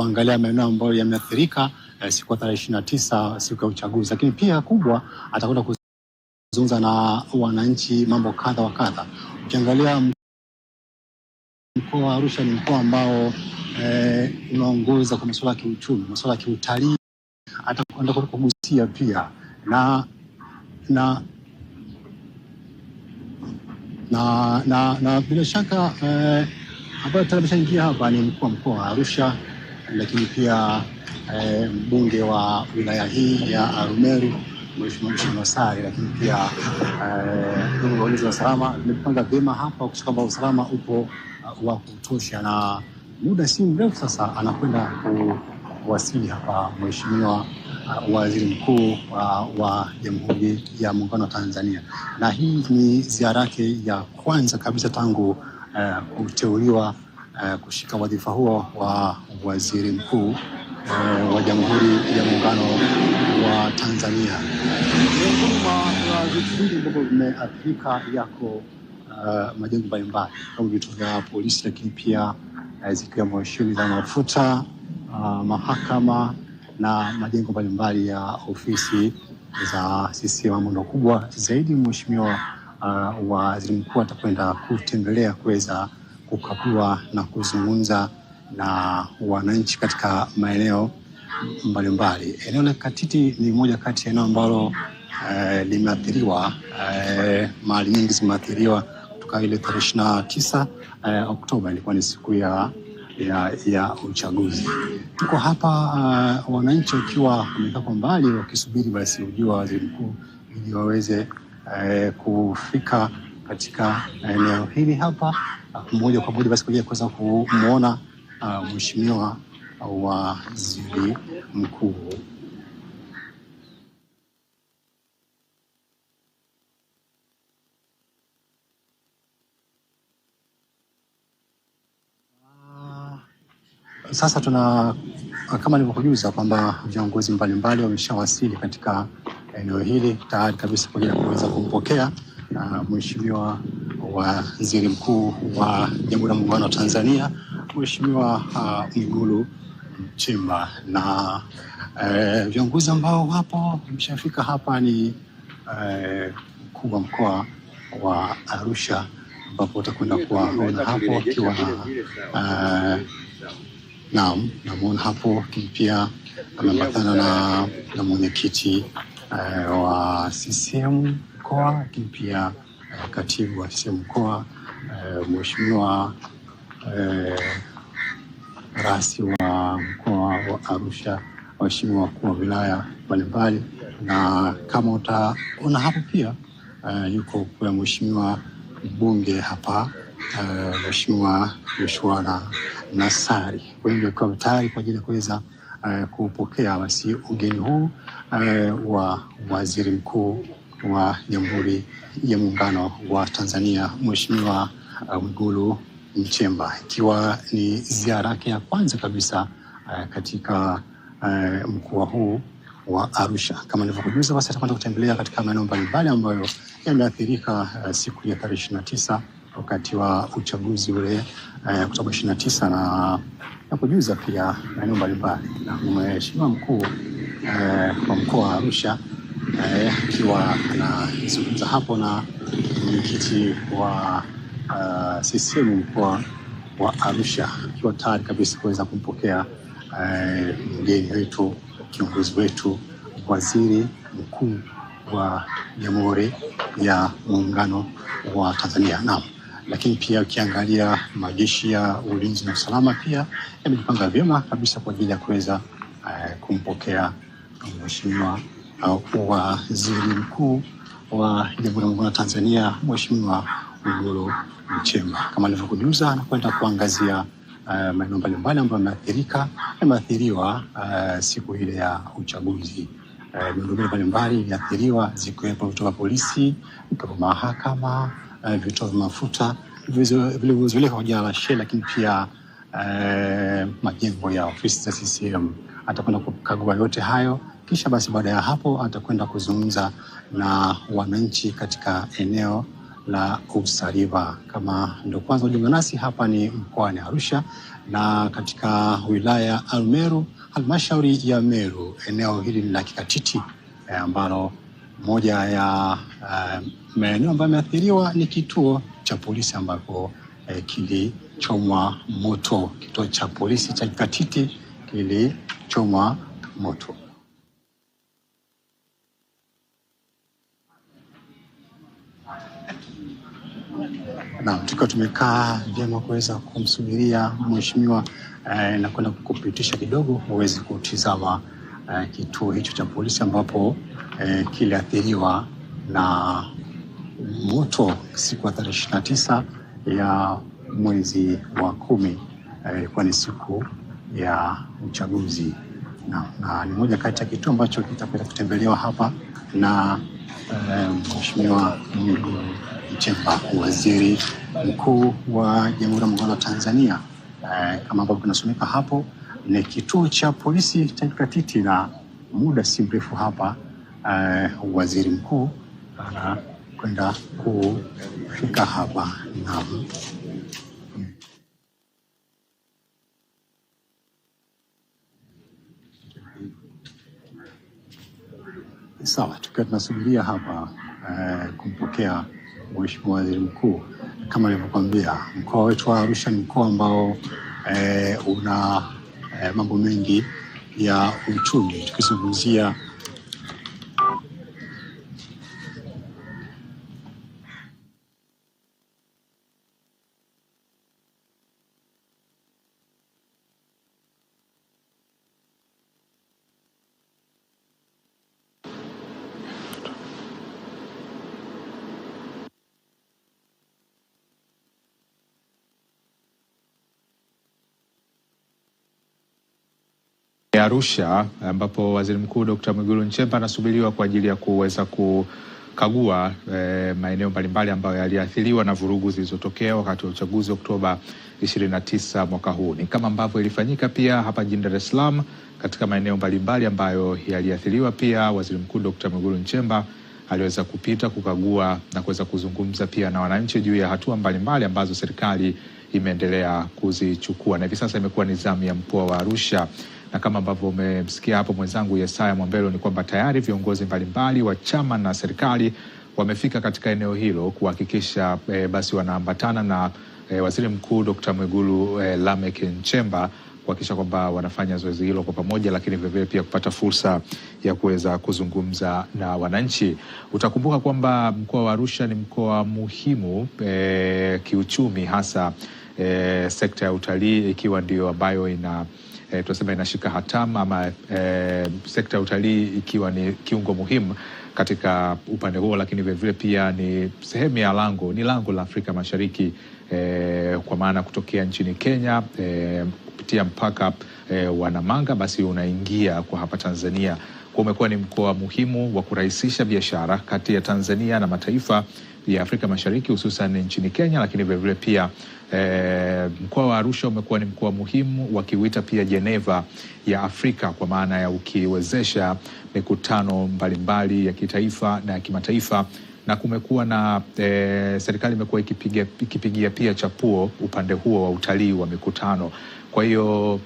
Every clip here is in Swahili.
kuangalia maeneo ambayo yameathirika eh, siku ya tarehe ishirini na tisa siku ya uchaguzi, lakini pia kubwa atakwenda kuzungumza na wananchi mambo kadha wa kadha. Ukiangalia mkoa wa Arusha ni mkoa ambao eh, unaongoza kwa masuala ya kiuchumi, masuala ya kiutalii, atakwenda kugusia pia na na na, na, na bila shaka eh, ambayo ameshaingia hapa ni mkuu wa mkoa wa Arusha lakini pia e, mbunge wa wilaya hii ya Arumeru Mheshimiwa Jeshi Nasari, lakini pia eh, ndugu wa ulinzi wa usalama nimepanga vyema hapa kuhakikisha kwamba usalama upo uh, wa kutosha, na muda si mrefu sasa anakwenda kuwasili hapa Mheshimiwa uh, Waziri Mkuu uh, wa Jamhuri ya Muungano wa Tanzania, na hii ni ziara yake ya kwanza kabisa tangu uh, kuteuliwa uh, kushika wadhifa huo wa waziri mkuu uh, wa Jamhuri ya Muungano wa Tanzania. Miongoni mwa vipindi ambavyo vimeathirika yako uh, majengo mbalimbali kama vituo vya polisi, lakini pia uh, zikiwemo shule za mafuta uh, mahakama na majengo mbalimbali ya ofisi za CCM. Mwendo kubwa zaidi mheshimiwa uh, waziri mkuu atakwenda kutembelea kuweza kukagua na kuzungumza na wananchi katika maeneo mbalimbali. Eneo la Katiti ni moja kati ya eneo ambalo eh, limeathiriwa eh, mali nyingi zimeathiriwa kutoka ile tarehe ishirini na tisa eh, Oktoba ilikuwa ni siku ya ya, ya uchaguzi. Tuko hapa uh, wananchi wakiwa wamekaa kwa mbali wakisubiri basi ujio wa waziri mkuu ili waweze eh, kufika katika eneo hili hapa moja kwa moja basi kuja kuweza kumwona uh, ah, mheshimiwa waziri mkuu. Ah, sasa tuna kama nilivyokujuza kwamba viongozi mbalimbali wameshawasili katika eneo hili tayari kabisa kwa ajili ya kuweza kumpokea na Mheshimiwa Waziri Mkuu wa Jamhuri ya Muungano wa Tanzania Mheshimiwa uh, Mwigulu Nchemba na eh, viongozi ambao wapo mshafika hapa ni eh, mkuu wa mkoa wa Arusha ambapo utakwenda kuwaona hapo akiwa na eh, naam, namwona hapo pia ameambatana na, na mwenyekiti eh, wa CCM mkoa, lakini pia eh, katibu wa CCM mkoa e, mheshimiwa e, eh, rasi wa mkoa wa Arusha, waheshimiwa wakuu wa wilaya mbalimbali, na kama utaona hapo pia e, yuko kwa mheshimiwa mbunge hapa e, mheshimiwa Yoshua wengi Kwa hivyo ikiwa tayari kwa ajili ya kuweza Uh, kupokea basi ugeni huu uh, wa waziri mkuu wa Jamhuri ya Muungano wa Tanzania, Mheshimiwa uh, Mwigulu Nchemba, ikiwa ni ziara yake ya kwanza kabisa uh, katika uh, mkoa huu wa Arusha. Kama nilivyokujuza, basi atakwenda kutembelea katika maeneo mbalimbali ambayo yameathirika uh, siku ya tarehe ishirini na tisa wakati wa uchaguzi ule uh, Oktoba ishirini na tisa na nakujuza pia maeneo mbalimbali na Mheshimiwa mkuu uh, wa mkoa wa Arusha akiwa eh, anazungumza hapo na mwenyekiti wa uh, eh, CCM mkoa wa Arusha akiwa tayari kabisa kuweza kumpokea eh, mgeni wetu kiongozi wetu waziri mkuu wa Jamhuri ya Muungano wa Tanzania. Naam, lakini pia ukiangalia majeshi ya ulinzi na usalama pia yamejipanga vyema kabisa kwa ajili ya kuweza uh, kumpokea mheshimiwa waziri mkuu wa Jamhuri ya Muungano wa Tanzania Mheshimiwa Mwigulu Nchemba. Kama nilivyokujuza, anakwenda kuangazia uh, maeneo mbalimbali ambayo yameathirika yameathiriwa uh, siku ile ya uchaguzi. Uh, eh, miundombinu mbalimbali iliathiriwa zikiwepo vituo vya polisi, vituo mahakama, uh, vituo vya mafuta vilivyozuilika kwa jina la lakini pia uh, majengo ya ofisi za CCM atakwenda kukagua yote hayo, kisha basi baada ya hapo atakwenda kuzungumza na wananchi katika eneo la Utsariva. Kama ndio kwanza ujiunga nasi, hapa ni mkoani Arusha na katika wilaya Almeru, halmashauri ya Meru. Eneo hili ni la kikatiti eh, ambalo moja ya uh, maeneo ambayo yameathiriwa ni kituo cha polisi ambapo eh, kilichomwa moto, kituo cha polisi cha Kikatiti ilichoma moto na tukiwa tumekaa vyema kuweza kumsubiria mheshimiwa eh, na kwenda kukupitisha kidogo uweze kutizama eh, kituo hicho cha polisi ambapo eh, kiliathiriwa na moto siku ya tarehe ishirini na tisa ya mwezi wa kumi, eh, ilikuwa eh, ni siku ya uchaguzi na, na ni moja kati ya kitu ambacho kitakwenda kutembelewa hapa na eh, Mheshimiwa um, Mwigulu Nchemba, waziri mkuu wa Jamhuri ya Muungano wa Tanzania. Uh, kama ambavyo kinasomeka hapo ni kituo cha polisi cha Kikatiti, na muda si mrefu hapa uh, waziri mkuu anakwenda kufika hapa na Sawa, tukiwa tunasubiria hapa eh, kumpokea Mheshimiwa Waziri Mkuu, kama alivyokwambia mkoa wetu wa Arusha ni mkoa ambao eh, una eh, mambo mengi ya uchumi tukizungumzia E, Arusha ambapo Waziri Mkuu Dkt. Mwigulu Nchemba anasubiriwa kwa ajili ya kuweza kukagua e, maeneo mbalimbali ambayo yaliathiriwa na vurugu zilizotokea wakati wa uchaguzi Oktoba 29 mwaka huu. Ni kama ambavyo ilifanyika pia hapa jijini Dar es Salaam katika maeneo mbalimbali ambayo yaliathiriwa. Pia Waziri Mkuu Dkt. Mwigulu Nchemba aliweza kupita kukagua na kuweza kuzungumza pia na wananchi juu ya hatua mbalimbali ambazo serikali imeendelea kuzichukua, na hivi sasa imekuwa ni zamu ya mkoa wa Arusha na kama ambavyo umemsikia hapo mwenzangu Yesaya Mwambelo, ni kwamba tayari viongozi mbalimbali wa chama na serikali wamefika katika eneo hilo kuhakikisha e, basi wanaambatana na e, Waziri Mkuu Dkt. Mwigulu e, Lameck Nchemba kuhakikisha kwamba wanafanya zoezi hilo kwa pamoja, lakini vilevile pia kupata fursa ya kuweza kuzungumza na wananchi. Utakumbuka kwamba mkoa wa Arusha ni mkoa muhimu e, kiuchumi hasa e, sekta ya utalii ikiwa ndio ambayo ina e, tunasema inashika hatamu ama e, sekta ya utalii ikiwa ni kiungo muhimu katika upande huo, lakini vilevile pia ni sehemu ya lango ni lango la Afrika Mashariki e, kwa maana kutokea nchini Kenya e, kupitia mpaka e, wa Namanga basi unaingia kwa hapa Tanzania umekuwa ni mkoa muhimu wa kurahisisha biashara kati ya Tanzania na mataifa ya Afrika Mashariki hususan nchini Kenya, lakini vilevile pia e, mkoa wa Arusha umekuwa ni mkoa muhimu wakiuita pia Geneva ya Afrika kwa maana ya ukiwezesha mikutano mbalimbali ya kitaifa na ya kimataifa na kumekuwa na e, serikali imekuwa ikipigia pia chapuo upande huo wa utalii wa mikutano. Kwa hiyo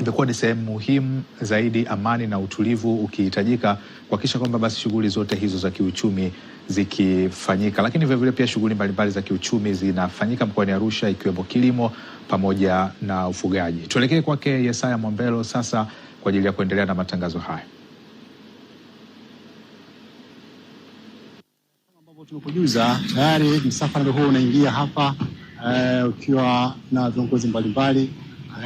imekuwa ni sehemu muhimu zaidi, amani na utulivu ukihitajika kuhakikisha kwamba basi shughuli zote hizo za kiuchumi zikifanyika, lakini vilevile pia shughuli mbalimbali za kiuchumi zinafanyika mkoani Arusha ikiwemo kilimo pamoja na ufugaji. Tuelekee kwake Yesaya Mwambelo sasa kwa ajili ya kuendelea na matangazo haya. tumekujuza tayari msafara ndio huo unaingia hapa eh, ukiwa na viongozi mbalimbali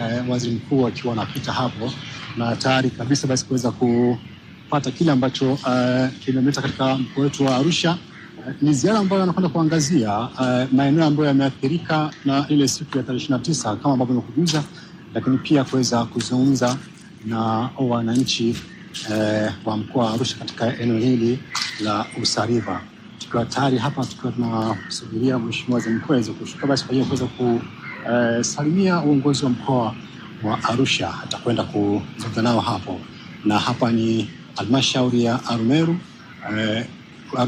Eh, waziri mkuu akiwa anapita hapo na tayari kabisa basi kuweza kupata kile ambacho uh, eh, kimemeta katika mkoa wetu wa Arusha. Uh, ni ziara ambayo anakwenda kuangazia uh, maeneo ambayo yameathirika na ile siku ya tarehe 29 kama ambavyo nimekujuza, lakini pia kuweza kuzungumza na wananchi uh, wa mkoa wa Arusha katika eneo hili la Usariva, tukiwa tayari hapa tukiwa tunasubiria mheshimiwa waziri mkuu aweze kushuka basi kwa hiyo kuweza ku Eh, salimia uongozi wa mkoa wa Arusha, atakwenda kuzungumza nao hapo, na hapa ni halmashauri ya Arumeru eh,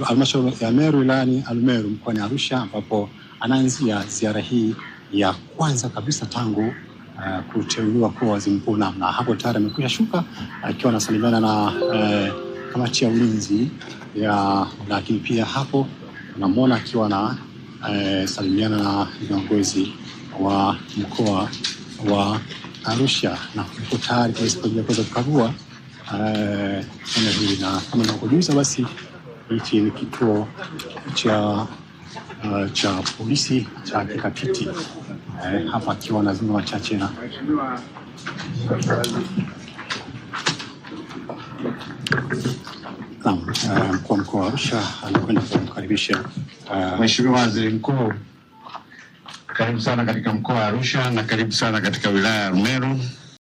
halmashauri ya Meru wilayani Arumeru mkoani Arusha, ambapo anaanzia ziara hii ya kwanza kabisa tangu Uh, kuteuliwa kuwa waziri mkuu na hapo tayari amekwisha shuka akiwa uh, anasalimiana na uh, kamati ya ulinzi ya, lakini pia hapo unamwona akiwa na uh, salimiana na viongozi wa mkoa wa Arusha na kuko tayari kwa siku kuweza kukagua eneo eh, hili, na kama nakujuza, basi hichi ni kituo cha Uh, cha polisi cha Kikatiti uh, hapa akiwa na zima wachache na mkuu wa mkoa wa Arusha alikwenda kumkaribisha Mheshimiwa Waziri Mkuu karibu sana katika mkoa wa Arusha na karibu sana katika wilaya ya Rumeru.